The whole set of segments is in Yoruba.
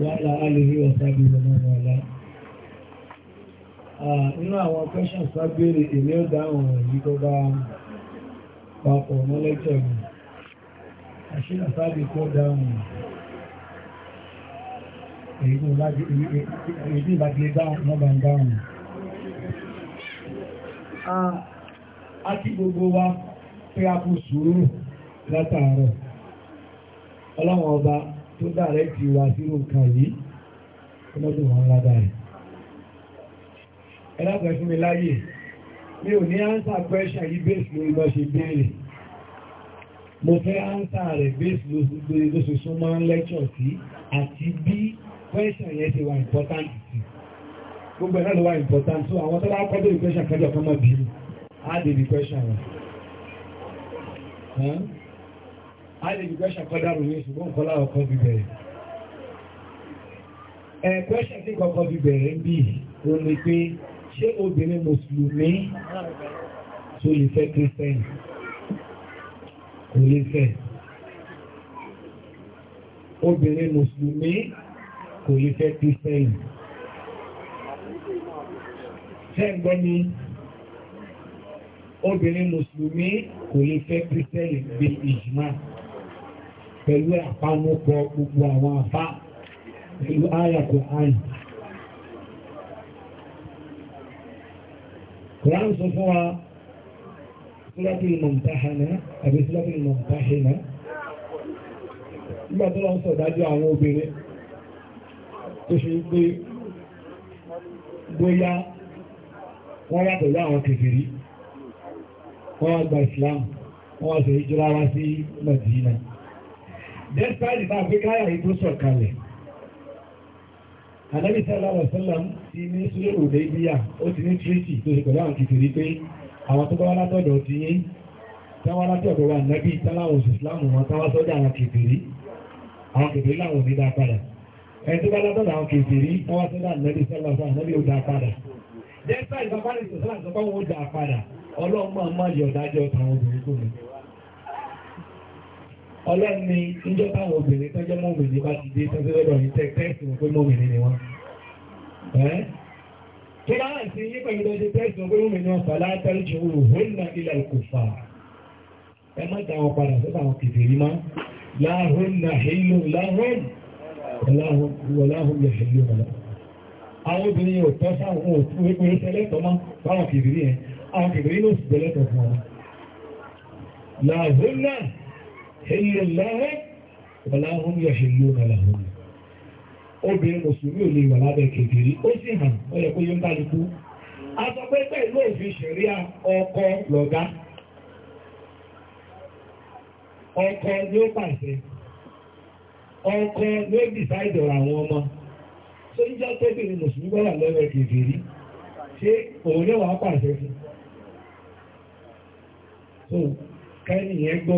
wàhálà alèrí ọ̀sáàbí ìrọ̀mọ́ ọ̀lá. Inú àwọn questions bá béèrè èmi ó dáhùn yìí tó bá papọ̀ mọ́ lẹ́kẹ̀ẹ́ mi. Àṣé àsáàbí kó dáhùn èyí tó bá gbé dáhùn mọ́ bá ń dáhùn. gbogbo wa pé a kú sùúrù látàárọ̀. Ọlọ́run ọba tó dàrẹ́kì wá sírò nǹkan yìí ọlọ́dún wọn ládà rẹ̀. ẹ dákun fún mi láyè mi ò ní ánsà question yìí bẹ́ẹ̀sì lórí lọ ṣe béèrè mo fẹ́ ánsà rẹ̀ bẹ́ẹ̀sì ló ṣe súnmọ́ lecture sí àti bí question yẹn ṣe wà important sí gbogbo ẹ̀ náà ló wà important so àwọn tó bá kọ́ bẹ́ẹ̀ question kẹjọ kan mọ̀ bí i á dé bí question rẹ̀ a lè jù kẹ́ṣà kọ́ dárò ní ṣùgbọ́n kọ́ láwọ̀ kọ́ bí bẹ̀rẹ̀ ẹ̀ kẹ́ṣà tí kọ́kọ́ bí bẹ̀rẹ̀ ń bí o ní pé ṣé obìnrin mùsùlùmí tó lè fẹ́ kírísítẹ́nì kò lè fẹ́ obìnrin mùsùlùmí kò lè fẹ́ kírísítẹ́nì Ṣẹ́gbọ́ ni obìnrin Mùsùlùmí kò lè fẹ́ Kírísítẹ́nì bí ìjìmá pẹ̀lú àpamọ́pọ̀ gbogbo àwọn afá pẹ̀lú ayàkọ̀ àyìn. Kùránù sọ fún wa sílẹ́tì ìmọ̀mùtáhánà àbí sílẹ́tì ìmọ̀mùtáhánà nígbà tó lọ ń sọ̀dájọ́ àwọn obìnrin tó ṣe pé bóyá wọ́n yàtọ̀ yá àwọn kèfèrí wọ́n wá gba ìsìlámù wọ́n wá sọ ìjọra wá sí Mẹ̀dínà despite bá pé káyà yìí tó sọ̀kalẹ̀ ànábì sallallahu alaihi wasallam ti ní sílẹ̀ òde ibíyà ó ti ní tírítì tó ṣe pẹ̀lú àwọn kìtìrí pé àwọn tó bá wá látọ̀dọ̀ ti yín táwọn látọ̀dọ̀ wà nábì táwọn oṣù islamu wọn táwọn sọ́dọ̀ àwọn kìtìrí àwọn kìtìrí làwọn ò ní dá padà ẹni tó bá látọ̀dọ̀ àwọn kìtìrí táwọn sọ́dọ̀ ànábì sallallahu alaihi ní ọlọ́ni níjọ́ táwọn obìnrin tó jẹ́ mọ́bìnrin bá ti dé tọ́sílẹ́dọ̀ ní tẹ́ẹ̀tì wọn pé mọ́bìnrin ni wọ́n tó bá wà sí yí pẹ̀lú ọdún tẹ́ẹ̀tì wọn pé mọ́bìnrin wọn fà látàrí jù wù wọ́n na ilẹ̀ kò fà ẹ má dá wọn padà sọ́dọ̀ àwọn kìfìrí mọ́ láhùn na hìlù láhùn wọláhùn yẹ hìlù ẹ̀yẹ lẹ́ẹ̀ wọ́lá ń yẹ ṣèlú nàlà hùn obìnrin mùsùlùmí ò lè wà lábẹ́ kékeré ó sì hàn yẹ kó yóò bá lè kú a sọ pé pẹ̀lú òfin ṣẹ̀ríà ọkọ ọkọ ló pàṣẹ ọkọ ọmọ tó ń jẹ́ mùsùlùmí wà kékeré ṣé òun wà pàṣẹ fún kẹ́ni yẹn gbọ́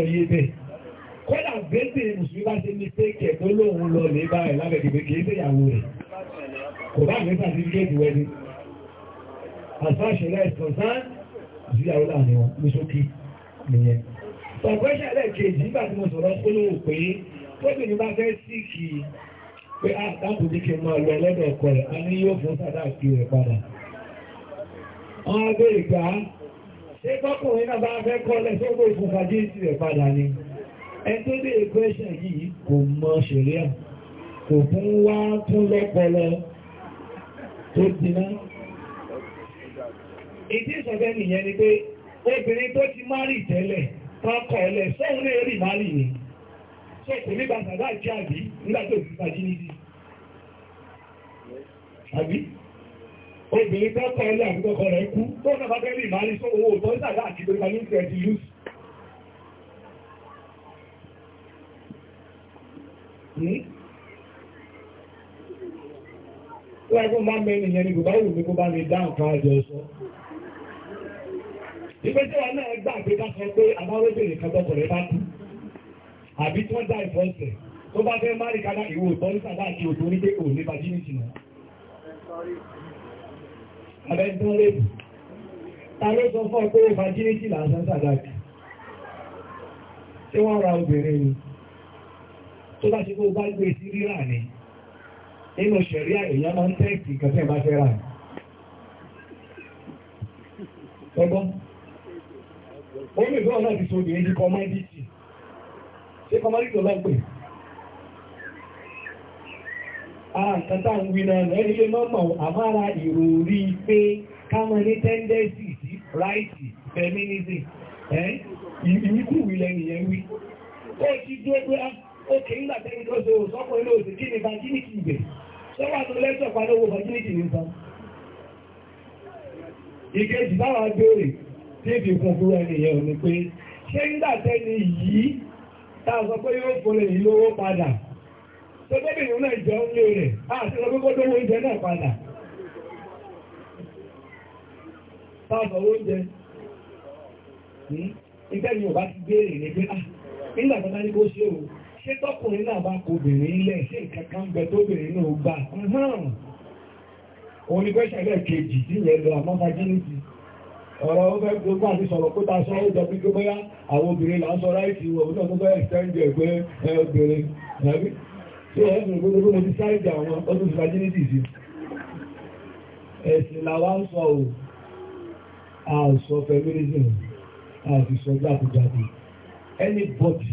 kọ́dà bẹ́ẹ̀ mùsùlùmí bá ṣe ní tẹ́kẹ̀ tó lóun lọ lè bá ẹ̀ lábẹ̀dẹ̀gbẹ̀ kìí sí ìyàwó rẹ̀ kò bá ní sàtífíkẹ́tì wẹ́dí as far as ṣẹlẹ̀ ìsọ̀nsán sí ìyàwó láàrin wọn ní ṣókí nìyẹn ọ̀pẹ́ṣẹ̀ lẹ́ẹ̀kejì nígbà tí mo sọ̀rọ̀ ó lóò pé tóbìnrin bá fẹ́ sí kí pé a dákò ní kí n máa lọ ẹlẹ́dẹ̀ ẹ̀kọ́ rẹ̀ a ní yóò fún sàdá àti rẹ̀ padà wọ́n á bèèrè gbà ah, ṣé tọkùnrin náà bá fẹ́ kọ́lẹ̀ sógbó ìfúnfàjì sí rẹ̀ padà ẹgbẹ́gbẹ́ ìgbẹ́ṣẹ̀ yìí kò mọ ṣẹ̀ríà kò fún wá tún lọ́pọlọ tó dìná ìdí ìṣẹ̀fẹ́ nìyẹn ni pé obìnrin tó ti márì tẹ́lẹ̀ tọ́kọ̀ ẹlẹ̀ sọ́run lè rí márì ni ṣe kò nígbà sàdá ìjẹ́ àbí nígbà tó ti fàjí níbi àbí obìnrin tọ́kọ̀ ẹlẹ̀ àbúkọ́kọ́ rẹ̀ kú tó náà bá fẹ́ rí márì sọ owó òtọ́ ìsàdá àti ìgbẹ̀rẹ̀ Tó hmm? ẹgbọ́n bá mẹ́rin yẹn ni kò bá ìwò ní kó bá mi dáhùn fún àjọ ẹ̀ṣọ́. Ìgbé tí wọ́n náà gbà pé ká sọ pé àbáwébèrè kan tọkọ̀rẹ́ bá kú. Àbí tí wọ́n dá ìfọ́sẹ̀ tó bá fẹ́ má rí kádà ìwò ìtọ́ ní sàdá àti òtò ní pé kò ní bàjínìtì náà. Abẹ́ntán rèébù. Ta ló sọ fún ọ pé bàjínìtì làásán sàdá kì. Ṣé wọ́n ra obìnrin ni? tó bá ṣe kó bá gbé sí rírà ni nínú ṣẹ̀ríà èèyàn máa ń tẹ́ẹ̀kì nǹkan tẹ́ẹ̀ bá fẹ́ rà ní. ẹgbọ́n omi náà ti so obìnrin di kọmọ́dítì ṣé kọmọ́dítì ọlá ń pè á tá à ń wí náà lẹ́nu ilé mọ́mọ́ àmára pé ní ah, oke nígbàtẹ́ni tó ṣe òṣọ́pọ̀ ilé òsì kí ni virginity ibẹ̀ ṣọ́wà tó lẹ́sọ̀ padà owó virginity ní sọ ìkejì báwa béèrè tí èdè kún fún ẹnìyàn ni pé ṣé nígbàtẹ́ni yìí tá pé yóò fún èyí lówó padà tó tóbìnrin náà jọ ń rẹ̀ àti kó dówó oúnjẹ náà padà oúnjẹ hmm, ìgbẹ́ni ò bá ti ní pé ah ṣé tọkùnrin náà bá kó obìnrin lẹ̀ ṣé nǹkan kan ń bẹ tóbìnrin náà gbà òun ni pẹ́ṣẹ̀ lẹ́ kejì tí yẹn lọ àmọ́ fagility ọ̀rọ̀ ọgbẹ́ gbogbo àti sọ̀rọ̀ pé ta sọ ó jọ bí gbogbo yá àwọn obìnrin là ń sọ ráìtì wọ̀ òun náà gbogbo ẹ̀sẹ̀ǹdì ẹ̀gbẹ́ obìnrin ẹ̀rí tí ẹ̀ ẹ̀sìn gbogbo mo ti sáìdì àwọn ọdún fagility sí ẹ̀sìn làwa ń sọ ò àìsọ feminism àti sọ jákujàku anybody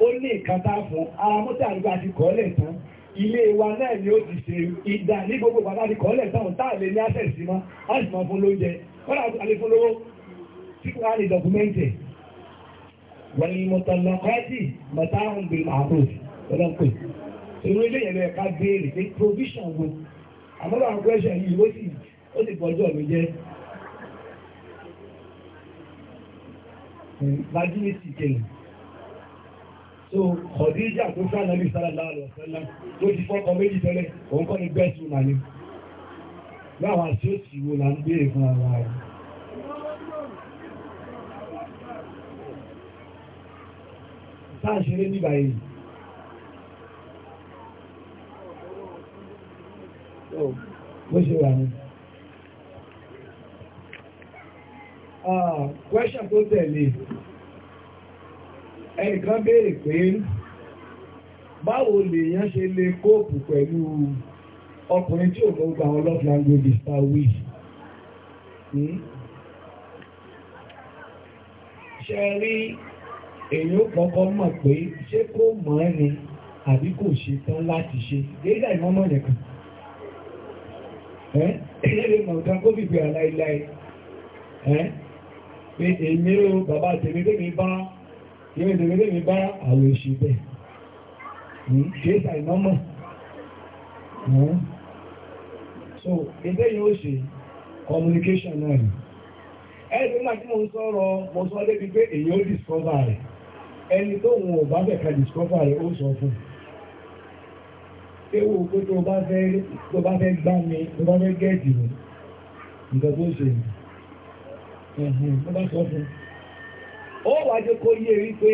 ó ní nǹkan tá fún ara mọ́tò àdúgbò àti kọ́lẹ̀ tán ilé wa náà ni ó ti ṣe ìdá ní gbogbo bàbá àti kọ́lẹ̀ táwọn táà lè ní access sí mọ́ láti máa fún lóúnjẹ kọ́lá àlẹ́ fún lówó tí kò wá ní dọkumẹ́ntì wọ́n ní mọ̀tàlọ́kọ́tì mọ̀tàrún bí màbòs ọlọ́pẹ́ irú ilé yẹn lẹ́ẹ̀ká béèrè pé provision wo àmọ́lọ́ àwọn pẹ́ṣẹ̀ yìí ó sì ó sì gbọ́jọ́ so Khadija tó fẹ́ ànábì sallallahu alaihi wasallam tó ti fọ́kọ méjì tẹ́lẹ̀ òun kọ́ ni bẹ́ẹ̀ tún nàní láwọn àti ó sì wo là ń béèrè fún ara rẹ̀ táà ṣeré nígbà yìí bó ṣe wà ní Ah, question tó tẹ̀lé ẹnìkan béèrè pé báwo lèèyàn ṣe lè kóòpù pẹ̀lú ọkùnrin tí ò lọ gba àwọn love language star wii hmm? ṣe rí èyí ó kọ́kọ́ mọ̀ pé ṣé kó mọ̀ ẹ́ ni àbí kò ṣe tán láti ṣe déédà ìmọ́mọ̀ nìkan ẹ́ ẹ̀lẹ́ mọ̀ tán kó fìfẹ́ aláìláì ẹ́ pé èmi ó bàbá tèmi tèmi bá ìwé ìdèrè mi bá àwẹ̀ òṣì bẹ̀ kìí hmm? so ilé yóò ṣe communication náà ni ẹni máa tí mo ń sọ̀rọ̀ mo sọ débi pé èyí ó discover rẹ̀ ẹni tó wọn ò bá fẹ́ ka discover rẹ̀ ó sọ fún ewu pé tó bá fẹ́ gbá mi tó bá fẹ́ gẹ́ẹ̀dì nǹkan tó ṣe tó bá sọ fún ó wá jẹ́ kó yé rí pé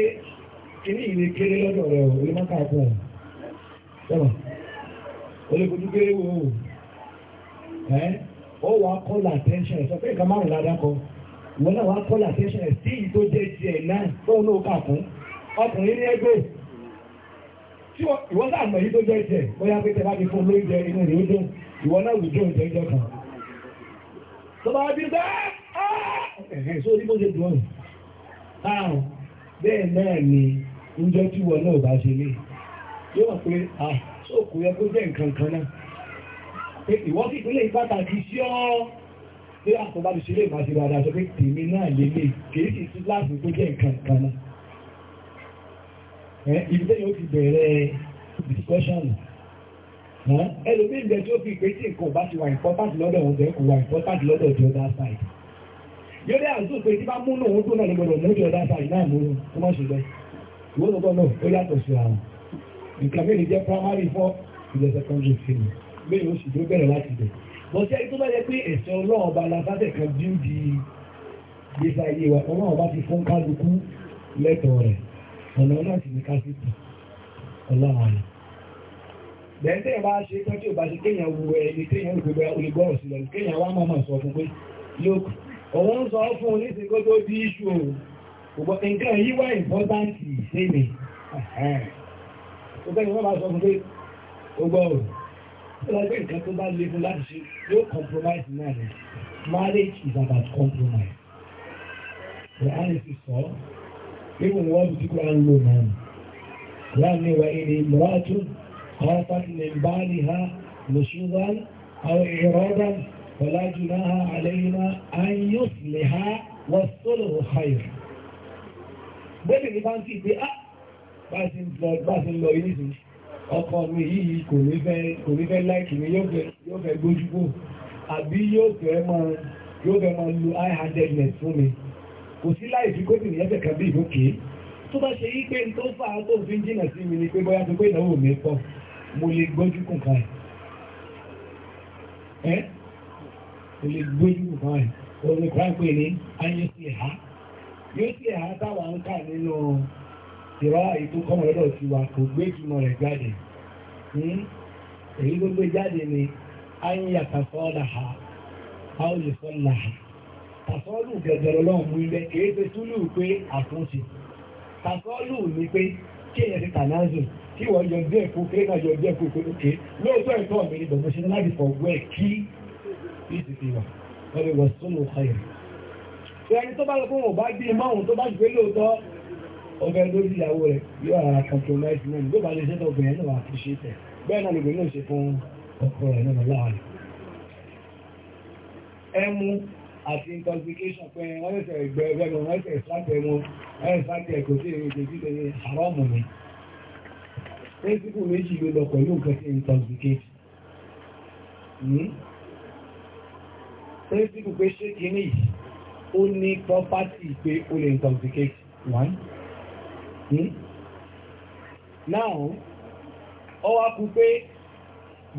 kìíní ìrìn kéré lọ́dọ̀ rẹ̀ orí mọ́ta àpọ̀ ṣẹ́wà olókojú kéré wo ẹ́ ó wá kọ́lá attention sọ pé nǹkan márùn-ún ládákọ ìwọ́n náà wá kọ́lá attention sí ìyí tó jẹ́ jẹ́ náà tóun náà kà fún ọkùnrin ní ẹgbẹ́ tí ìwọ́n náà mọ̀ èyí tó jẹ́ jẹ́ bóyá pé tẹ bá ti fún lóúnjẹ inú rẹ̀ ó dùn ìwọ́n náà rùjọ́ ìjẹ́jọ́ kan tó bá bí bẹ́ẹ̀ ẹ̀hẹ́ sórí bó ṣe dùn ọ̀rùn àrùn bẹ́ẹ̀ náà ni oúnjẹ tí wọn náà bá ṣe lé yóò wà pé àṣòkò yẹ kó jẹ́ nǹkan kan náà pé ìwọ́n sì pínlẹ̀ pàtàkì sí ọ́ pé àkọ́bá ti ṣe lè máa ṣe dáadáa sọ pé tèmi náà lélẹ̀ kìí sì sí láti tó jẹ́ nǹkan kan náà ẹ ibi tẹ́yìn ó ti bẹ̀rẹ̀ discussion ẹlòmíì bẹ̀ tí ó fi pé tí nǹkan ò bá ti wà important lọ́dọ̀ òun bẹ́ẹ̀ kò wà important lọ́dọ̀ the other side yóò dé àzú pé tí bá mú náà wọn tó náà lọ́gbọ̀dọ̀ mú jọ dáta ìná àmú kó má ṣe bẹ́ẹ̀ ìwọ lọ́gbọ̀ náà ó yàtọ̀ sí ara nǹkan mélòó jẹ́ primary fọ́ ìjọ secondary school mélòó sì tó bẹ̀rẹ̀ láti bẹ̀ bọ́sẹ̀ tó bá yẹ pé ẹ̀sẹ̀ ọlọ́run ọba làbábẹ̀ kan bí ó di gbèsè ayé wa ọlọ́run ọba ti fún kálukú lẹ́tọ̀ọ́ rẹ̀ ọ̀nà náà sì ní kásìtì ọlọ́run àná bẹ́ẹ̀ bá ṣe tọ́jú ìbáṣe kéèyàn wu ẹni kéèyàn olùgbé olùgbọ́rọ̀ sílẹ̀ kéèyàn wá mọ̀mọ̀ sọ fún pé lókù òun ń sọ fún oníṣẹ́ kó tó di iṣu òun kò nǹkan yìí wá ìfọ́táǹtì ìṣẹ́mi ọgbẹ́ni wọ́n bá sọ fún pé ó gbọ́ ọ̀rọ̀ ó lọ gbé nǹkan tó bá le fún láti ṣe yóò compromise náà ni marriage is about compromise the analysis sọ ewu فلا جناح علينا أن يصلح والصلح خير bẹ́ẹ̀ ni bá ń ti pé ah bá ti ń lọ bá ti ń lọ ilé ìsìn ọkọ mi yìí kò ní fẹ́ láìkì ní yóò fẹ́ gbójúgbò àbí yóò fẹ́ máa lu high-handedness fún mi kò sí láìsí kó tìrì ẹ́fẹ̀ kan bí ìlókè tó bá ṣe yí pé n tó fà á tó fi ń jìnà sí mi ni pé bóyá tó pé ìnáwó mi pọ̀ mo lè gbójú kùn kò lè gbé nǹkan ẹ̀ orí pàápàá ní ayé sí ẹ̀há yóò sí ẹ̀há táwa ń kà nínú ìrá ètò kọ́mọlọ́dọ̀ ti wa kò gbé ìtumọ̀ rẹ̀ jáde hmm? èyí ló gbé jáde ni ayé àtàkọ́ làhà a ó lè sọ làhà tàsọ́lù gẹ̀gẹ̀rẹ̀ lọ́wọ́ mú ilẹ̀ kìí ṣe túlù pé àtúnṣe tàsọ́lù ní pé kí èyàn ti tànáàzù kí wọ́n yọ díẹ̀ kú kí èyàn yọ díẹ̀ kú kí lóòótọ́ ẹ̀tọ́ mi ni bẹ̀rẹ̀ ṣe láti fọ̀gbọ́ ẹ̀ àdíjì ti wà wọ́n ni wọ̀sùn mú ayẹ̀ tí ẹni tó bá lọ fún wọn bá gbé márùn tó bá gbé lóòótọ́ ọgbẹ́ lórí ìyàwó rẹ̀ yóò ara compromise mẹ́rin ló bá lè ṣẹ́tọ̀ obìnrin náà appreciate ẹ̀ bẹ́ẹ̀ náà lògbìn náà ṣe fún ọkọ rẹ̀ náà láàárín ẹmu àti intoxication pé wọ́n méjì ló lọ pẹ̀lú nǹkan sí intoxicate pẹ́sìtìkù question ṣé kìíní ó ní property pé ó lè intoxicate one. Hmm? now ọ wá kú pé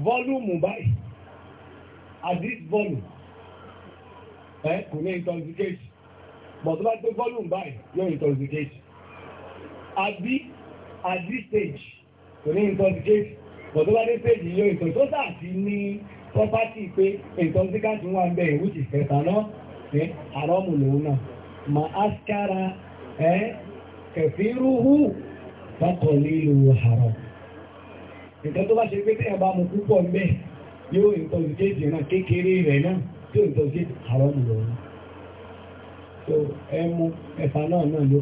volume báyìí at this volume ẹ eh, kò ní intoxicate but tó bá gbé volume báyìí yóò intoxicate àbí at this stage kò ní intoxicate but tó bá dé stage yóò intoxicate tó sáà ti ní. property pé intoxicant wà ń bẹ̀ which is fentanyl ẹ́ àrọ́mù ma áskara ẹ́ kẹfìrúhù bákọ̀ lílo haram nǹkan tó bá ṣe pé tẹ́yà bá mu púpọ̀ ń bẹ̀ yóò intoxicate náà kékeré rẹ̀ náà tí ó intoxicate àrọ́mù lòun so ẹmu ẹ̀fà náà náà ló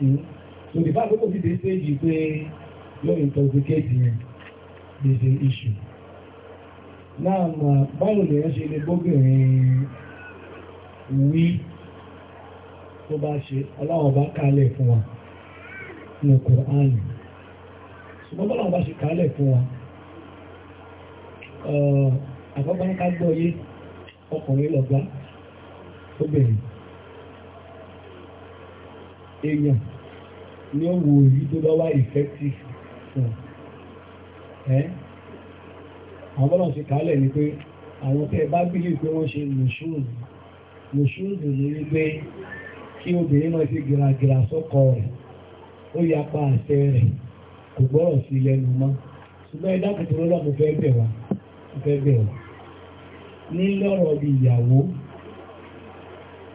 hmm? so the fact pé kò fi stage láàmà báwo lè ẹ́ ṣe lè bóbìnrin wí tó bá ṣe aláwọ̀ bá kálẹ̀ fún wa ní Kùránì ṣùgbọ́n bọ́láwọ̀ bá ṣe kálẹ̀ fún wa àkọ́kọ́ ní ká gbọ́yé ọkùnrin lọ́gbá obìnrin èèyàn ní ó wo èyí tó bá wá effective fún ẹ́ àwọn bọ́lá ṣe kálẹ̀ ni pé àwọn tẹ́ bá bílì pé wọ́n ṣe lòṣùrù lòṣùrù ní wípé kí obìnrin náà ti gìràgìrà sọ́kọ rẹ̀ ó yapa àṣẹ rẹ̀ kò gbọ́rọ̀ sí lẹ́nu mọ́ ṣùgbọ́n ẹ̀dá kòtòrò lọ́mọ fẹ́ bẹ̀ wá fẹ́ bẹ̀ wá ní lọ́rọ̀ bí ìyàwó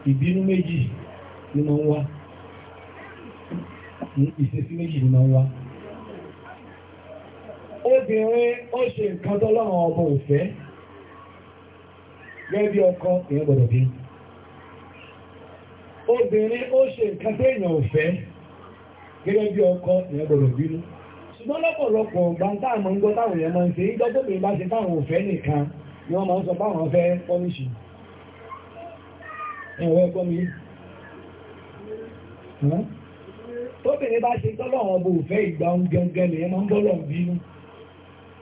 ìbínú méjì ni máa ń wá ìṣesí méjì ni máa ń wá obìnrin ó ṣe nǹkan tọ́lọ́run ọmọ òfẹ́ gẹ́bí ọkọ èèyàn gbọ́dọ̀ bí obìnrin ó ṣe nǹkan tó èèyàn òfẹ́ gẹ́gẹ́ bí ọkọ èèyàn gbọ́dọ̀ bínú ṣùgbọ́n lọ́pọ̀lọpọ̀ gbáńtà àmọ́ ń gbọ́ táwọn èèyàn máa ń ṣe ìjọ́ tóbìnrin bá ṣe táwọn òfẹ́ nìkan ni wọ́n máa ń sọ báwọn fẹ́ pọ́níṣì ẹ̀rọ ẹ̀kọ́ mi tóbìnrin bá ṣe tọ́lọ́run ọbọ̀ òfẹ́ ìgbà oúnjẹ gẹ́gẹ́ nìyẹn máa ń bọ́lọ̀ bínú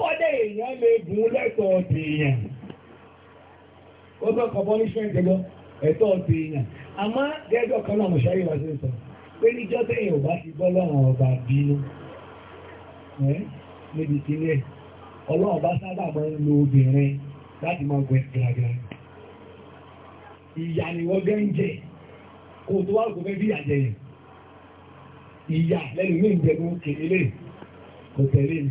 kọ́dẹ̀ èèyàn lè gùn lẹ́tọ̀ọ́ ti èèyàn ó bẹ́ kọ punishment ẹgbọ́ ẹ̀tọ́ ti èèyàn àmọ́ gẹ́gọ́ kan náà mọ̀ṣáyé wá sí sọ pé níjọ́ tẹ̀yìn ò bá ti gbọ́ lọ́rùn ọba bínú níbi ìpínlẹ̀ ọlọ́run bá sábà máa ń lo obìnrin láti máa gbẹ gàgà ìyà ni wọ́n gẹ́ ń jẹ kò tó wá kò fẹ́ bí ìyàjẹ yẹn ìyà lẹ́nu ní ìjẹ̀bú kèlélẹ̀ kò tẹ̀lé mi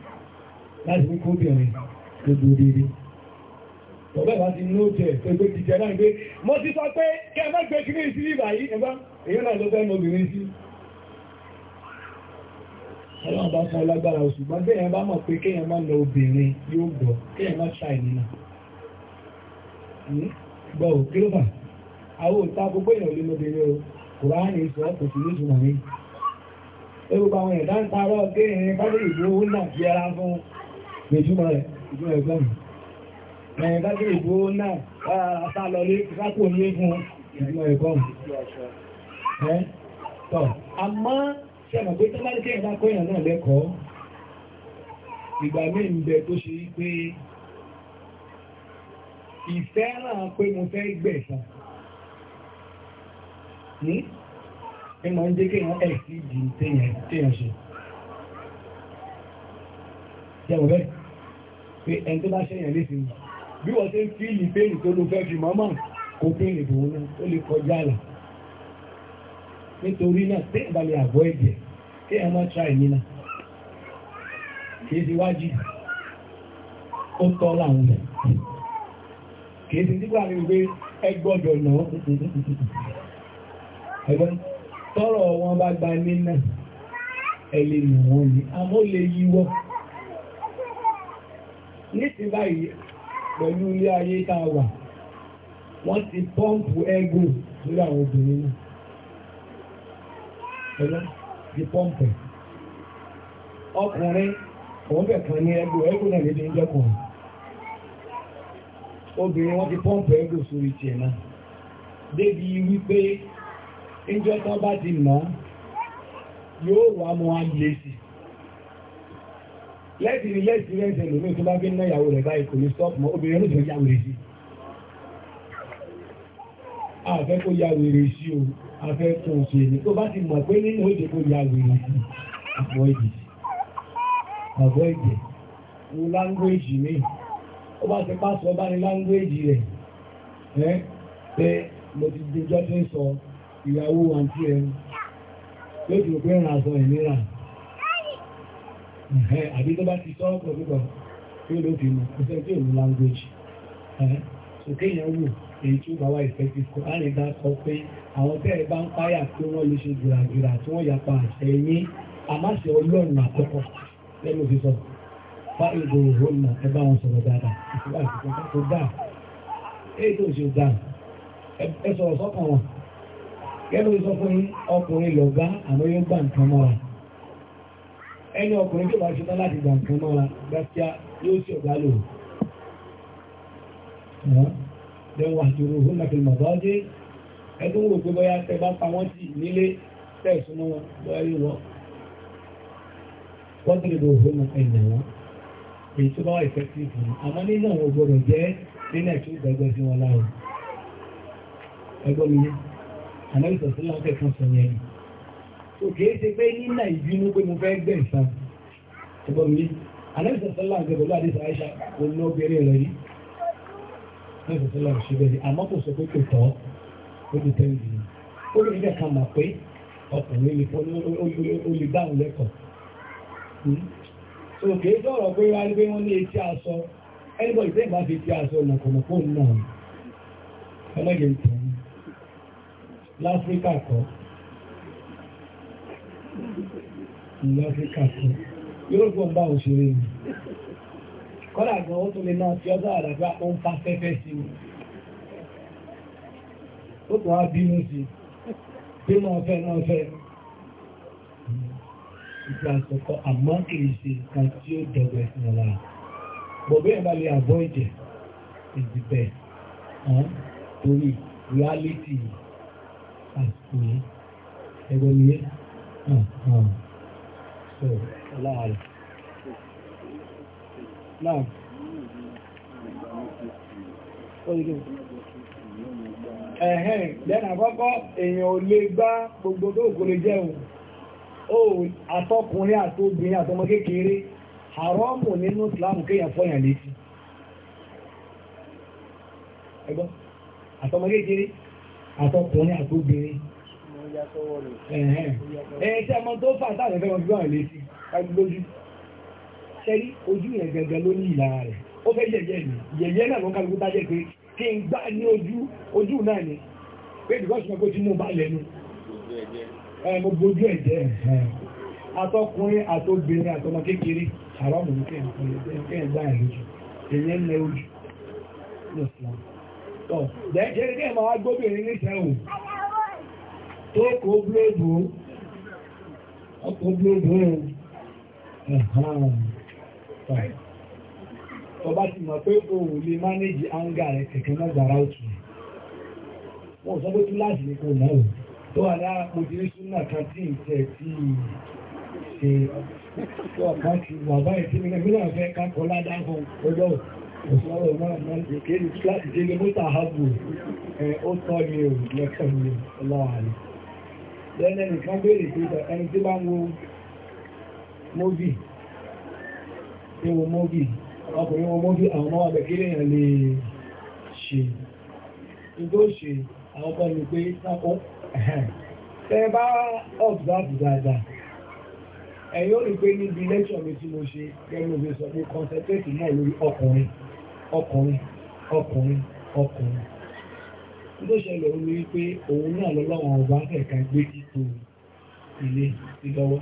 láti ní kóbìnrin tó dúró dédé ọ̀bẹ́ bá ti ní ó jẹ́ ẹgbẹ́ ti jẹ́ láì pé mọ́ sí sọ pé kí ẹgbẹ́ gbé kí ní ìsí ìbà yìí ẹgbá èyàn náà ló fẹ́ mọ obìnrin sí ọlọ́run bá fún ọlágbára oṣù bá bẹ́ẹ̀ bá mọ̀ pé kéèyàn má lọ obìnrin yóò gbọ́ kéèyàn má ṣàì nínà hmm? gbọ́ ò kí ló fà àwọn òta gbogbo èèyàn lé lóbìnrin o kùránì sọ kò sí ní ìtumọ̀ ẹ gbogbo àwọn ẹ̀dá ń tarọ́ kéèyàn bá lè ìdúró náà fi ara fún ìjúmọ̀ rẹ̀ ìjúmọ̀ rẹ̀ gbọ́nù ẹ̀yìn kájú ìbò náà àtà lọlé sákò ní egun ìjúmọ̀ rẹ̀ gbọ́nù ẹ́ tọ́ àmọ́ sẹ́nà pé tọ́láríkẹ́ ìbá kọ́yàn náà lẹ́kọ̀ọ́ ìgbà mí ń bẹ tó ṣe pé ìfẹ́ náà pé mo fẹ́ gbẹ̀sán ní hmm? ìmọ̀ ń jẹ́ kéèyàn ẹ̀ sí ìdí téèyàn ṣe. Jẹ́ mo bẹ́ẹ̀ pé ẹn tó bá ṣẹ́yàn lè fi bí wọ́n tí ń fi ìlú pé ìtò ló fẹ́ fi mọ́mọ́ kò pé ìlú òun ó lè kọjá là nítorí náà tí ìbàlẹ̀ àgọ́ ẹ̀jẹ̀ kí ẹ má tra ìnira kìí ti wájú ó tọ́ láwọn rẹ̀ kìí ti nígbà ní wípé ẹ gbọ́dọ̀ náà ẹgbẹ́ tọ́rọ̀ wọn bá gba ní náà ẹ lè nà wọ́n ní àmọ́ lè yíwọ́ ní ti báyìí pẹ̀lú ilé ayé tá a wà wọ́n ti pọ́ǹpù ẹ́gò lórí àwọn obìnrin náà pẹ̀lú ti pọ́ǹpù ọkùnrin òun bẹ̀ kan ní ẹ́gò ẹ́gò náà lédè ń jẹ́kùnrin obìnrin wọ́n ti pọ́ǹpù ẹ́gò sórí tiẹ̀ náà débi wípé ìjọ ti nà yóò wà mọ́ àgbèsì lẹ́ẹ̀tì ni lẹ́ẹ̀tì lẹ́ẹ̀tì lómi tó bá gbé ná ìyàwó rẹ̀ báyìí kò ní stop mọ́ obìnrin ló ti yàwó rẹ̀ sí. àfẹ́ kó yàwó rẹ̀ sí o afẹ́ tó ń ṣe ni tó bá ti mọ̀ pé nínú òde kó yàwó rẹ̀ sí àbọ̀ èdè àbọ̀ èdè ní láńgbéèjì mi ó bá ti pàṣẹ ọba ní láńgbéèjì rẹ̀ ẹ́ pé mo ti dojọ́ tó ń sọ ìyàwó àǹtí ẹ̀ lójú pé ràn aṣọ ìnira àbí tó bá ti sọ ọ̀pọ̀ púpọ̀ tí ó ló fi mọ̀ kò sẹ́ńtì òun language so kéèyàn wò èyí tí ó bá wá effective kò á lè dá sọ pé àwọn tẹ́ ẹ bá ń páyà pé wọ́n lè ṣe gbìràgbìrà tí wọ́n yapa àṣẹ yín àmáṣe ọlọ́run àkọ́kọ́ lẹ́nu fi sọ fa ìgò òhùnà ẹ bá wọn sọ̀rọ̀ dáadáa ìfúwà ìfúwà tó tó dáa ẹni ọkùnrin tó bá ṣe tán láti gbà nǹkan mọ́ra gbáṣíá yóò sì ọ̀gá lò lẹ́wọ̀n wahjuruhunna fún mẹ́fìlì mọ̀bọ́dé ẹdún wò pé bọ́yá tẹ bá pa wọ́n tì nílé tẹ̀sùn mọ́ wọn bọ́yá rí wọn wọ́n tẹ̀lé bọ̀ fún ẹ̀yìn àwọn èyí tó bá wà effective ni àmọ́ nínú àwọn ògbọ́dọ̀ jẹ́ nínú ẹ̀tún ìgbàgbọ́ sí wọn láàrùn ẹgbọ́n mi tó kìí ṣe pé nínà ìbínú pé mo fẹ́ gbẹ̀ ìsan ẹgbọ́n mi alẹ́sẹ̀sẹ́lá àgbẹ̀ pẹ̀lú àdéṣà àìṣà kò lọ bẹ̀rẹ̀ rẹ̀ rí alẹ́sẹ̀sẹ́lá ṣe bẹ̀rẹ̀ àmọ́ kò sọ pé kò tọ́ ó ti tẹ́ ìdí ó lè nígbà kan mà pé ọkùnrin lè fọ́n ó lè dáhùn lẹ́kọ̀ọ́ tó hmm? kìí sọ̀rọ̀ pé wá gbé wọn ní etí aṣọ ẹnìbọ̀ ìfẹ́ ìbá fi ti aṣọ nàkọ̀nàkọ̀ náà ẹlẹ́gẹ̀ẹ́ tán láfíríkà kan lọ́fíkà fún yóò gbọ́n bá òṣèré mi kọ́lá gan ó tó lè máa fi ọjọ́ àdàgbà ó ń fa fẹ́fẹ́ sí mi ó tún á bínú sí pé máa fẹ́ máa fẹ́ ìgbà àkọ́kọ́ àmọ́ kìí ṣe nǹkan tí ó dọ̀gbẹ̀ sí ọ̀la bọ̀bí ẹ̀ bá lè àbọ̀ ìjẹ̀ ìdìbẹ̀ torí reality àsìkò ẹgbẹ́ mi yé. الله عليك نعم ẹ̀hẹ́n lẹ́nà àkọ́kọ́ èèyàn ò lè gbá gbogbo tó kò lè jẹun ó àtọkùnrin àtóbìnrin àtọmọ kékeré àrọ́mù nínú kéèyàn létí ẹgbọ́n àtọmọ kékeré Ẹ̀ẹ́sẹ́ ọmọ tó fà táàrẹ fẹ́ wọn gbọ́n létí lójú. Ṣẹ́rí ojú yẹn gẹ̀gẹ̀ ló ní ìlara rẹ̀. Ó fẹ́ yẹ̀yẹ́ ni. Yẹ̀yẹ́ náà ló ń kálukú tájẹ́ pé kí n gbá ní ojú ojú náà ni. Pé bíkọ́sì mọ̀ pé tí mo bá lẹ́nu. Ẹ mo gbójú ẹ̀jẹ̀ ẹ̀. Atọ́kùnrin àtobìnrin àtọmọ kékeré. Àrọ́mù ní kẹ́ẹ̀ gbá ẹ̀ lójú. Yẹ̀yẹ́ ń lẹ ojú. Lọ́sàn-án. Tọ́ Tókò bléèdù ọkọ̀ bléèdù ẹ̀hàn. Ọba ti mọ̀ pé òun lè mánéjì áńgà rẹ̀ kẹ̀kẹ́ náà gbàrá òtù. Wọ́n sọ pé túláàsì ní kò náà tó wà lára mo ti rí súnà kan tí ìtẹ̀ tí ṣe ọ̀kan ti wà báyìí tí nígbà mílíọ̀n fẹ́ kákọ́ ládá fún ọjọ́ òṣìṣẹ́ náà ni ò lẹ́nà nìkan béèrè pé ẹni tí bá ń wo móbì tí wo móbì ọkùnrin wo móbì àwọn ọmọ abẹ̀kílẹ̀ yẹn lè ṣe ìgbó ṣe àwọn ọkọ̀ ni pé sáko tẹ bá ọ̀bùdáàbù dáadáa ẹ̀yìn ó rí pé níbi lẹ́kṣọ̀ mi tí mo ṣe gẹ́gẹ́ bí sọ pé concentrate náà lórí ọkùnrin ọkùnrin ọkùnrin ọkùnrin tó ṣẹlẹ̀ ó ní wípé òun náà lọ́lọ́wọ́n ọba ẹ̀ka gbé títò ilé sí lọ́wọ́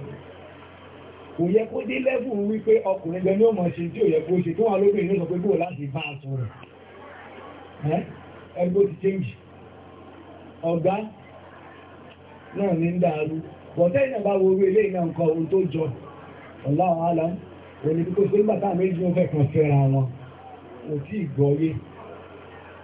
kò yẹ kó dé lẹ́bù wípé ọkùnrin gan ni ó mọ̀ ṣe tí ò yẹ kó ṣe tó wà lóbìnrin ló sọ pé bó láti bá a sọ̀rọ̀ ẹgbó ti change ọ̀gá náà ní ń dàrú bọ̀tẹ́ ìyàn bá wo orí ilé ìyàn nǹkan ohun tó jọ ọ̀láwọ̀ alam òní kíkó sí nígbà táà méjì ó fẹ́ kan fẹ́ra wọn kò tí ì gbọ́yé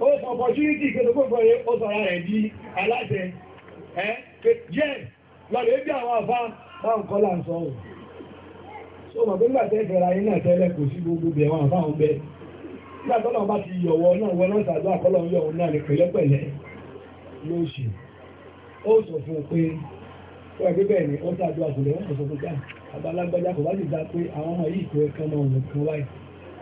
o fọ opportunity ìgbẹ́lógbògbò ọ̀sọ̀ ara rẹ̀ di aláṣẹ eh yes lọ́dọ̀ ebi a àfá bá ń kọ́lá ń so mọ̀ pé nígbà tẹ́ ìfẹ́ra yín náà tẹ́lẹ̀ kò gbogbo bẹ̀ wọn àfáwọn bẹ́ẹ̀ nígbà náà ti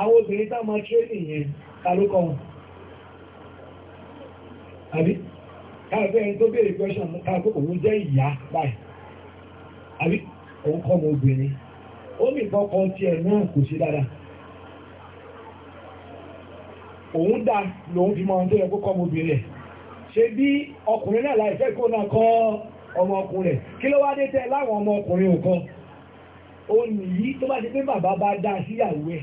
àwọn obìnrin tá máa tírẹ́nì yẹn talókọ wọn àbí káàkiri ẹni tó béèrè question káàkiri òun jẹ́ ìyá báyìí àbí òun kọ́ ọmọ obìnrin ó ní ìkọ́kọ́ tiẹ̀ náà kò sí dáadáa òun dá lòun fi máa tó yẹ kó kọ́ ọmọbìnrin rẹ̀ ṣe bí ọkùnrin náà láìfẹ́ kó náà kọ́ ọmọkùnrin rẹ̀ kí ló wá dé tẹ́ láwọn ọmọkùnrin òkan ó nìyí tó bá ti pé bàbá bá dá síyàwó ẹ̀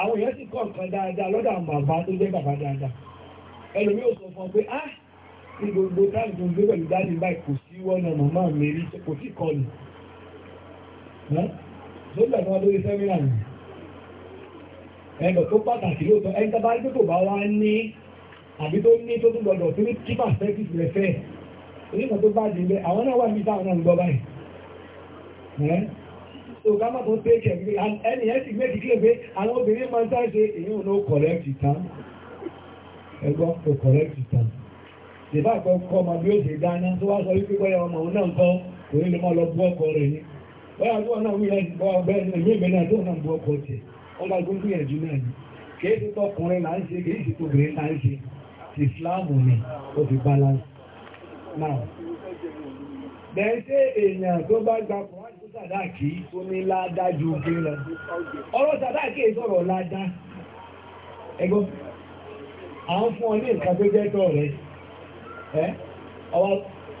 àwọn èèyàn sì kọ́ nǹkan dáadáa lọ́dọ̀ àwọn bàbá tó jẹ́ bàbá dáadáa ẹlòmí ò sọ fún ọ pé á ah, ní gbogbo táàbù tó ń gbé pẹ̀lú dáàdì báyìí kò sí wọ́nà màmá mi rí kò sí kọlù lọ́gbà tí wọ́n lórí sẹ́mínà nì ẹgbẹ̀ tó pàtàkì lóòtọ́ ẹni tàbá rí tó bá wá ní àbí tó ní tó tún gbọdọ̀ tó ní kí perspective rẹ̀ fẹ́ onímọ̀ tó bá jẹ́ àwọn náà wà ní sáwọn náà ń gbọ́ báyìí ògá má tó tẹ́ẹ̀kì ẹni ẹ́ sì méjì kílẹ̀ pé àwọn obìnrin máa ń sáṣe èyí ò ló kọ̀rẹ́ẹ̀tì tán ẹgbọ́n kò kọ̀rẹ́ẹ̀tì tán ìbá àkọ́kọ́ ọmọ bí ó ṣe dáná tó wá sọ wípé bọ́yá ọmọ òun náà kọ́ kò ní lè má lọ bú ọkọ rẹ̀ ni bọ́yá tó náà wíyá ìgbọ́ ọgbẹ́ ìlú ìgbẹ́ náà tó náà bú ọkọ tẹ̀ wọ́n bá gbóngbó ìyànjú náà ni kìí ṣe tọkùnrin là ń ṣe kìí ṣe tóbìnrin là sàdáàkì tó ní ládá ju oge lọ ọ̀rọ̀ sàdáàkì sọ̀rọ̀ ládá ẹgbọ́ àwọn fún ọ ní nǹkan tó jẹ́ tọ́ rẹ ẹ ọwọ́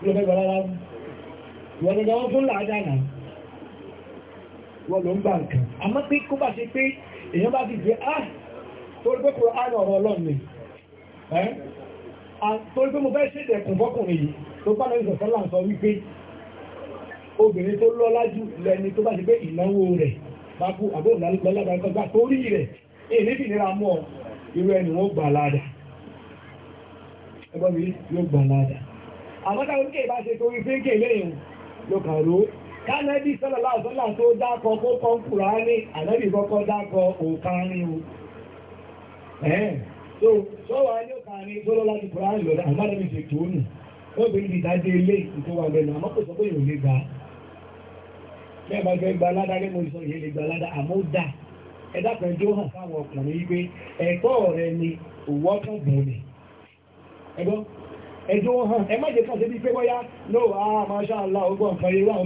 lọ́fẹ́ gbọ́lá wá wọ́n gbọ́dọ̀ wọ́n fún ládá náà wọ́n ló ń bá nǹkan. Àmọ́ pé kó bá ṣe pé èyàn bá ti jẹ́ ah torí pé kò ánà ọ̀rọ̀ ọlọ́run ni. Torí pé mo fẹ́ ṣèdẹ̀kùn fọ́kùnrin yìí tó bá lọ́yìn obìnrin tó lọ́lá jù lẹ́ni tó bá ti pé ìnáwó rẹ̀ bá kú àbó ìlàlúgbàlágbàgbà rẹ̀ èyí mọ́ irú ẹni wọ́n gbà ládà ẹgbọ́n mi yóò gbà ládà àmọ́ta oríkè bá ṣe torí fínkè lẹ́yìn ló kàró kánẹ́bí sọ́lọ́lá ọ̀sọ́lá tó dákọ kó kan ní àlẹ́bí o tó sọ́wọ́ ní òkárin bí ẹ̀bá jẹ́ gba aládá ní mo sọ ìyẹn lè aládá àmúdà ẹ̀dá pẹ̀jọ́ hàn sáwọn ọkùnrin wípé ẹ̀tọ́ rẹ ni òwò ọkàn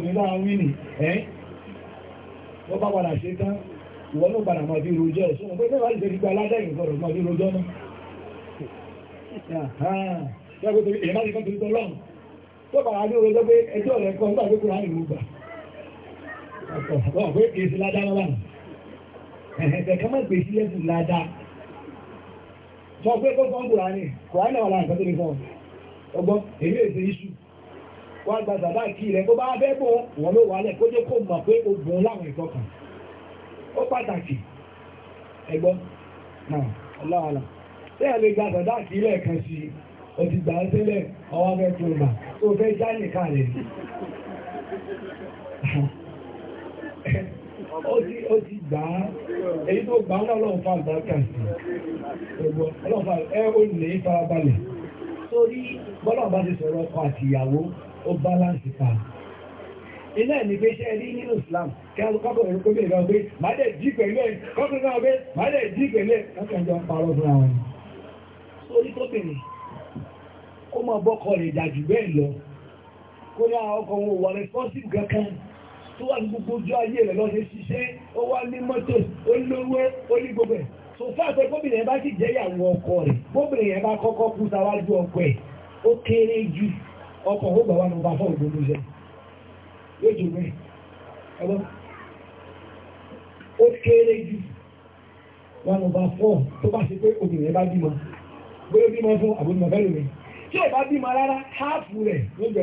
bùn wọ́n bá padà ṣe tán padà máa ọ̀pọ̀ pé èsì ládá lọ́wọ́ ẹ̀hẹ̀ẹ̀kẹ́ ká má gbèsè lẹ́bù ládá sọ pé kó sọ́n kùránì kùránì àwọn àlàǹkà tó lè sọ ọgbọ́n èmi èsè iṣu wọ́n sàbá kí rẹ̀ tó bá bẹ́ bọ̀ wọ́n ló wálẹ̀ kó jẹ́ kó mọ̀ pé láwọn ó pàtàkì ọlọ́wàlà a lè gba kí kan sí ó ti gbà á èyí tó gbà á lọ́wọ́ fa àgbàkà sí ẹgbọ́ ọlọ́fà ẹ ó lè farabalẹ̀ sórí bọ́lọ̀ bá ti sọ̀rọ̀ ọkọ àti ìyàwó ó báláǹsì pa iná ẹ̀ ní pé ṣe rí nínú Islam kí a kọ́kọ́ ẹ̀rọ pé bèèrè ọgbé má dẹ̀ jí pẹ̀lú ẹ̀ kọ́kọ́ náà ọgbé má dẹ̀ jí pẹ̀lú ẹ̀ kọ́kọ́ ìjọ parọ́ fún àwọn sórí tó bèèrè kó mọ bọ́kọ rẹ̀ dàjù bẹ́ẹ̀ lọ kó ní àwọn ọkọ̀ wọn wà responsible kankan tó wà ní gbogbo ojú ayé rẹ̀ lọ́dẹ ṣiṣẹ́ ó wá ní mọ́tò ó lówó ó ní gbogbo ẹ̀ tó fáfẹ́ gómìnà bá sì jẹ́ ìyàwó ọkọ rẹ̀ gómìnà yẹn bá kọ́kọ́ kú sáwájú ọkọ ẹ̀ ó kéré ju ọkọ̀ ó gbà wà nù bá fọ́ òdodo jẹ lójú rẹ̀ ẹgbọ́n ó kéré ju wà nù bá fọ́ tó bá ṣe pé obìnrin bá bímọ bóyá bímọ fún àbójúmọ̀ fẹ́ lómi tí ò bá bímọ rárá háàfù rẹ̀ ló jẹ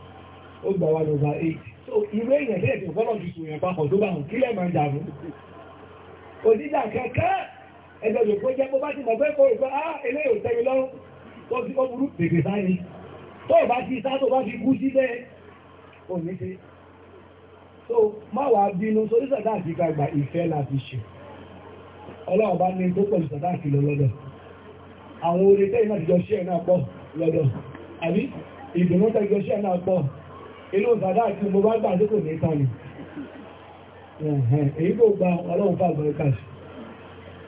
ó gbà wà lọ́gbà 8 so irú èèyàn lẹ́ẹ̀ tí ọ̀pọ̀lọ̀ ti sùn yẹn papọ̀ tó bá hùn kílẹ̀ máa ń dàrú òdíjà kẹ́kẹ́ ẹgbẹ́ òjò jẹ́ bó bá ti mọ̀ pé kó rò pé á ah, ilé ò tẹ́mi lọ́rùn tó fi kó burú bèbè sáyé tó bá ti sá tó bá fi kú síbẹ̀ ò ní ṣe so má wàá bínú sórí sàdá àti gbàgbà ìfẹ́ láti ṣe ọlọ́run bá ní tó pẹ̀lú sàdá àti lọ lọ́dọ̀ àwọn orin tẹ́yìn náà ti jọ ṣe ẹ̀ náà pọ̀ lọ́dọ̀ àbí ìdùnnú tẹ́jọ ṣe náà pọ̀ inú ìbàdá àti mo bá gbà dípò ní èyí tó gba ọlọ́run fà gbọ́n káṣì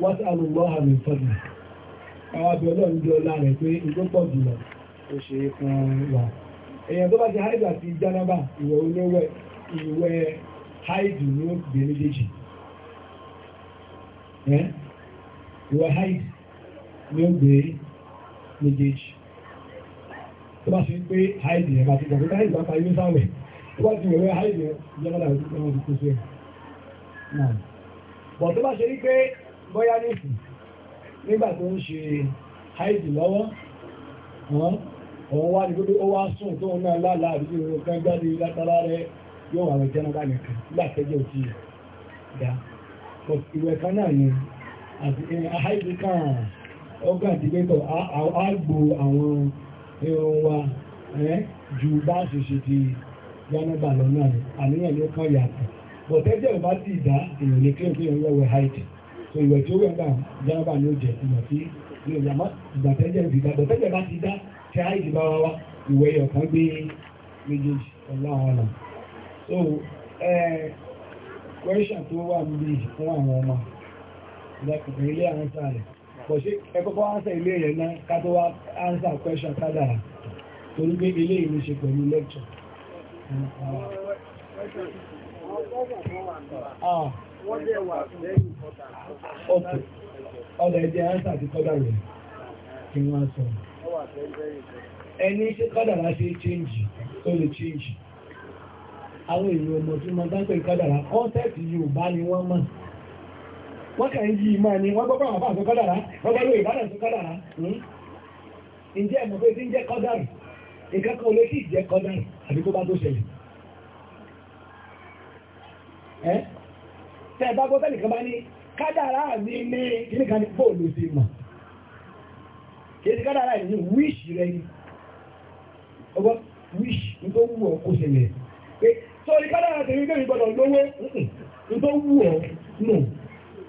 wọ́n sí àlùmọ́ àmì ìtọ́jú àwọn abẹ ọlọ́run jẹ́ ọlá rẹ̀ pé ìjọ pọ̀ jùlọ ó ṣe é fún èèyàn tó bá ti tó bá ṣe ń pé háìdì yẹn bá ti gbọ̀gbọ̀ háìdì bá ta sáwẹ̀ tó bá ti wẹ̀wẹ̀ háìdì yẹn yẹn lọ́dà ìlú ti kó sí bọ̀ tó bá ṣe rí pé bóyá nìsí nígbà tó ń ṣe háìdì lọ́wọ́ òun wá gbogbo ó wá sùn tó ń náà lálá àdúgbò ìwé kan eh, kan ọgbà ìdígbẹ́tọ̀ àgbò àwọn irun wa ju bá ṣèṣe ti yánúbà lọ́nà rẹ̀ àníyàn ló kàn yàtọ̀ bọ̀tẹ́jẹ̀ bá ti dá èèyàn lè kí òfin haiti so ìwẹ̀ tí ó wẹ̀ gbà yánúbà ló jẹ́ tí ilé ìyàmọ́ ìgbàtẹ́jẹ̀ fi dá bá ti dá tí haiti bá wá wá ìwẹ̀ yọ̀ kan gbé so tó wà níbi àwọn ọmọ ilé àwọn kò ṣe ẹkọ́kọ́ ánsà ilé yẹn náà kátó wá ánsà question kádàrà torí pé ilé ìlú ṣe pẹ̀lú lecture ah. Ah. ẹni ṣe kádàrà ṣe change tó lè change àwọn èèyàn ọmọ tí wọ́n wọ́n kà ń yí ìmọ̀ ni wọ́n gbọ́gbọ́ àwọn àbáǹsọ kọ́dàrá wọ́n ìbára sọ ǹjẹ́ ẹ̀mọ̀ pé tí ń jẹ́ kọ́dàrù ìkẹ́kọ̀ọ́ olé kì í àbí tó bá tó ṣẹlẹ̀ ẹ́ tẹ́ ẹ bá gbọ́ bá ní kádàrá mi ní kíní ní bóòlù sí mọ̀ kìí kádàrá ní rẹ ni ọgbọ́ wù kó ṣẹlẹ̀ pé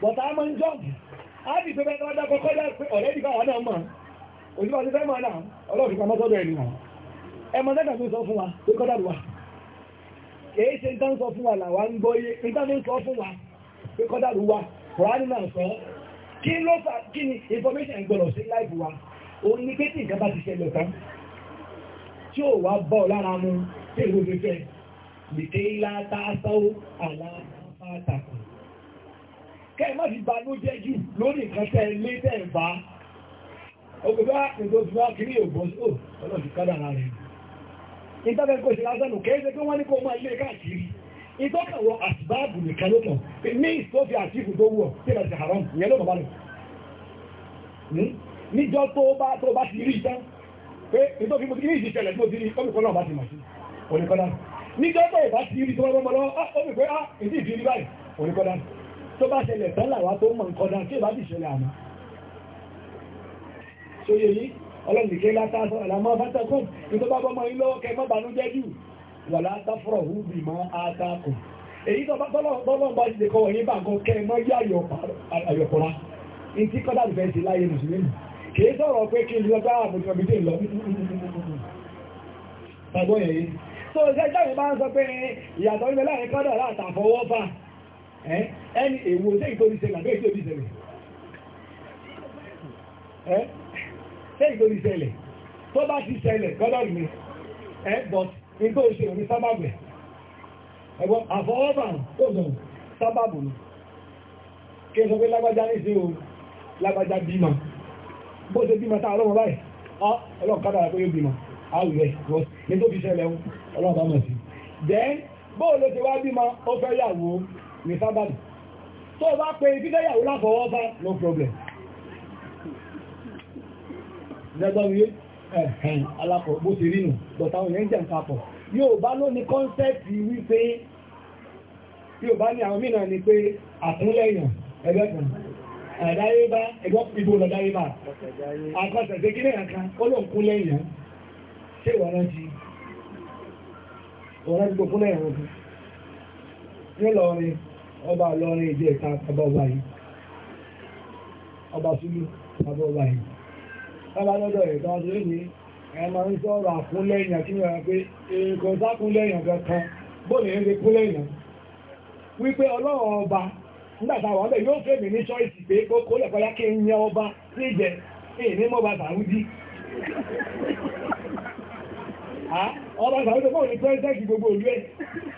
but a máa ń jọ́ọ̀bù á sì pé bẹ́ẹ̀ lọ́dá kọ́kọ́ dá pé ọ̀rẹ́ ìdíkà wà náà mọ̀ òṣìbá ti fẹ́ mọ̀ náà ọlọ́ọ̀fì pamọ́ sọ́dọ̀ ẹ̀ nìyà ẹ tó sọ fún wa pé ṣe sọ fún wa làwa ń gbọ́ yé nǹkan sọ fún wa pé kọ́dà wà kùránì náà sọ kí ló fà kí ni information wa pé tí ti ṣẹlẹ̀ tán tí ò wá bọ́ lára mu tí lè ké kẹ́ má fi banú jẹ́ jù lórí nǹkan tẹ́ lé tẹ́ bá ògbèbá nǹkan tí wọ́n kiri ògbọ́n ó ọlọ́ ti kádà ara rẹ̀ ìtọ́fẹ́ kò sí lásánù kẹ́ẹ́sẹ́ tó wọ́n ní kó máa ilé káàkiri ìtọ́kàwọ̀ àtìbáàbù nìkan ló tàn ní ìsọ́fì àtìkù tó wọ̀ tí ìrẹsì haram ìyẹn ló bàbá lọ hmm? níjọ́ tó bá tó bá ti rí tán pé ìtọ́fì mo ti ní ìṣẹ̀lẹ̀ tó ti rí ọmọkọ́ náà bá ti mà sí òníkọ́dá níjọ́ tó bá ti rí tó bá bọ́ tó bá ṣẹlẹ̀ tán làwá tó mọ̀ nǹkan dá tí ò bá ti ṣẹlẹ̀ àmọ́ tó yẹ yí ọlọ́nìké látàṣọ àlàmọ́ fátakùn ní tó bá bọ́mọ ilé ọkẹ mọ́ bànújẹ́ jù wà látàfọ̀rọ̀ hù bì mọ́ àtàkùn èyí tó bá bọ́lọ́ bá ti lè kọ́ wọ̀nyí bàǹkan kẹ mọ́ yí so ìṣẹ́jọ́ ìbá ń sọ pé ìyàtọ̀ ilẹ̀ láàrin kọ́dà látàfọwọ́fà ẹni èwo ṣe ìtorí ṣẹlẹ̀ àbẹ́ ìtorí ṣẹlẹ̀ ṣe ìtorí ṣẹlẹ̀ tó bá ti ṣẹlẹ̀ gọ́dọ̀ mi ẹ but in nígbà oṣù òní sábàbù ẹ̀ ẹ̀gbọ́n àfọwọ́bà tó nà sábàbù ni kí ẹ sọ pé lágbájá ní sí o lágbájá bímọ bó ṣe bímọ tá ọlọ́mọ báyìí ọlọ́ọ̀kadà àpò yóò bímọ àwùrẹ́ ní tó fi ṣẹlẹ̀ ọlọ́ọ̀bá mọ̀ sí then bóòlù ti wá bímọ ó fẹ́ yàwó ní sábàbí tó bá pé ìfífẹ́yàwó láfọwọ́ bá no problem lẹ́gbọ́nwé ẹ̀hẹ̀n alákọ̀ bó ti rí nù bọ̀táwọn yẹn jẹ́ ǹkapọ̀ yóò bá ló ní kọ́nsẹ́ẹ̀tì wípé yóò bá ní àwọn mìíràn ni pé àtúnlẹ̀yàn ẹgbẹ́kùn àdáyébá ìbò lọ́dáyébá àkọsẹ̀sẹ̀ kí lẹ́yìn kan ó ló ń kún lẹ́yìn ṣé ìwà náà ti ọ̀rẹ́ gbogbo ọba lọ́rin ìjẹ́ ìta ọba yìí ọba ọba yìí bàbá lọ́dọ̀ rẹ̀ tó ní ẹ̀mà ń sọ̀rọ̀ àkúnlẹ̀yìn àti ìrìnà pé èkó sákúnlẹ̀yìn kankan bóòlù ń lè wípé ọlọ́run ọba nígbàtà bẹ̀ yóò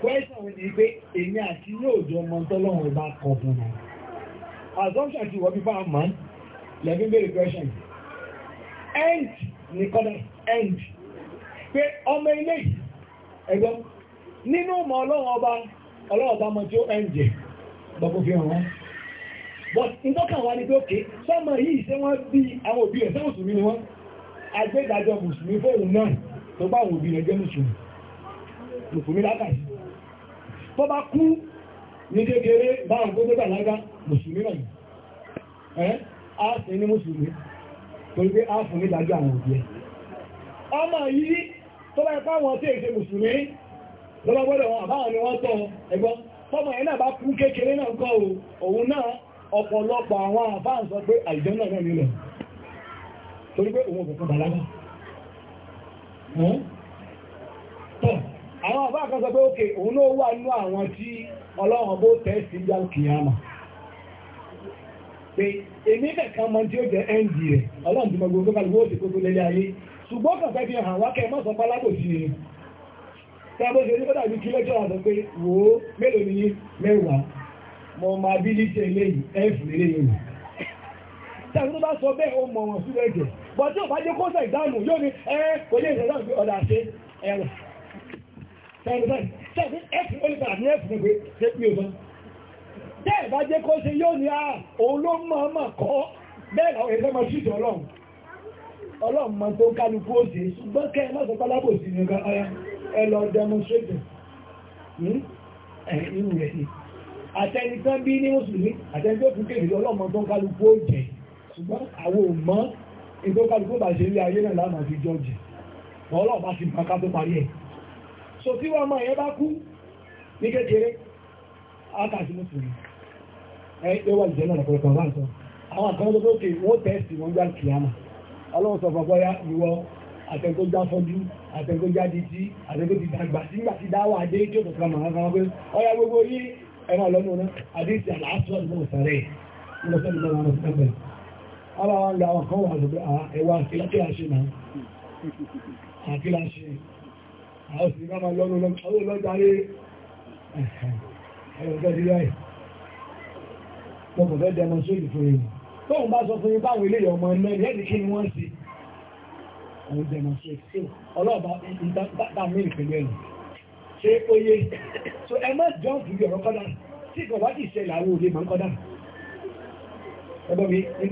Kwẹ́sàn ni pé èmi àti yóò jọ ọmọ tọ́lọ́run bá kọ fún mi. Assumption ti wọ́n fífà mọ́ lẹ́bí bèrè question. End ni kọ́dà end. Pé ọmọ ilé ẹ̀gbọ́n nínú ọmọ ọlọ́run ọba ọlọ́run ọba ọmọ tí ó end jẹ gbọ́kú fi hàn wọ́n. But ìtọ́kàn wa ni pé òkè sọ́mọ yìí ṣé wọ́n bí àwọn òbí rẹ̀ sẹ́wọ̀n sùnmí ni wọ́n. Agbẹ́gbàjọ Mùsùlùmí fóònù náà tó bá àwọn òbí rẹ̀ jẹ́ Mùsùlùmí. Mùsùlùmí lákàtí tó bá kú ní kékeré bá ń gbogbo tàlágá mùsùlùmí rẹ̀ ẹ́ á sì ní mùsùlùmí torí pé á fún nídájọ́ àwọn òbí ẹ̀ ọmọ yìí tó bá ipá wọn tí èsè mùsùlùmí lọ́wọ́ gbọ́dọ̀ wọn ni wọ́n tọ́ ẹgbọ́n tọ́mọ ẹ̀ náà bá kú kékeré náà kọ́ òun náà ọ̀pọ̀lọpọ̀ àwọn àbáà sọ pé àìjẹ́ náà náà nílẹ̀ torí pé òun òkùnkùn àwọn àbá kan sọ pé òkè òun ló wà nínú àwọn tí ọlọ́run bó tẹ́ sí ìjà kìíyàmà pé èmi kẹ̀kan mọ tí ó jẹ́ ẹ́ndì rẹ̀ ọlọ́run ti mọ gbogbo kálukú ó sì kókó lélẹ̀ ayé ṣùgbọ́n kan fẹ́ fi hàn wá kẹ́ mọ́ sọ pálákò sí ni tábó ṣe ní kọ́dà bí kí lẹ́jọ́ àtọ́ pé wò mélòó ni mẹ́wàá mo máa bí ní ṣe eléyìí ẹ̀fù eléyìí tẹ́lú tó Tẹ́ẹ̀bá jẹ́ kó ṣe yóò ní àà òun ló máa máa kọ́ bẹ́ẹ̀ lọ ẹ̀fẹ́ máa ṣùjọ ọlọ́run. Ọlọ́run máa tó kálukú ó ṣe ṣùgbọ́n kẹ́ máa sọ pálábò sí ní ọgá ara ẹ lọ demonstrate nínú hmm? rẹ̀ sí. Àtẹni tán bí ní Mùsùlùmí, àtẹni tó fún kéde ọlọ́run tó kálukú ó jẹ ṣùgbọ́n àwọn ò mọ́ ìtó kálukú bá ṣe ilé ayé náà láàmà fi jọ́ọ̀jì. Ọlọ́run bá ti bá ká tó parí ẹ̀ so tí wọ́n mọ̀ ẹ̀yẹ́ bá kú ní kékeré ákàtí mùsùlùmí ẹ̀ pé wà jẹ́ náà lọ́pọ̀lọpọ̀ wà sọ àwọn àkọ́wọ́ tó tókè wọ́n tẹ́ẹ̀sì wọ́n gbá kìámà ọlọ́run sọ fọ́fọ́ ya di tí àtẹ́gbójá dàgbà sígbà tí dáwà dé tí ó tó kàmà kankan pé ọya gbogbo yí ẹ̀rọ ọlọ́nu náà àdéhìsì àlàáfíà ìmọ̀ òsàrẹ̀ àwọn sì máa lọ́nà lọ́wọ́ lọ́dárí ẹ̀rọ̀gẹ́dìláì lọ́pọ̀ fẹ́ demonstrate fún yìí tó ń bá sọ fún yín báwọn ilé ọmọ ẹ̀mẹ́ lẹ́ni kí ni wọ́n sí àwọn demonstrate ọlọ́ọ̀bá so ẹ má jọ́n fún yọ̀rọ̀ kọ́dá tí ìkọ̀wá ti ṣẹlẹ̀ àwọn òde máa ń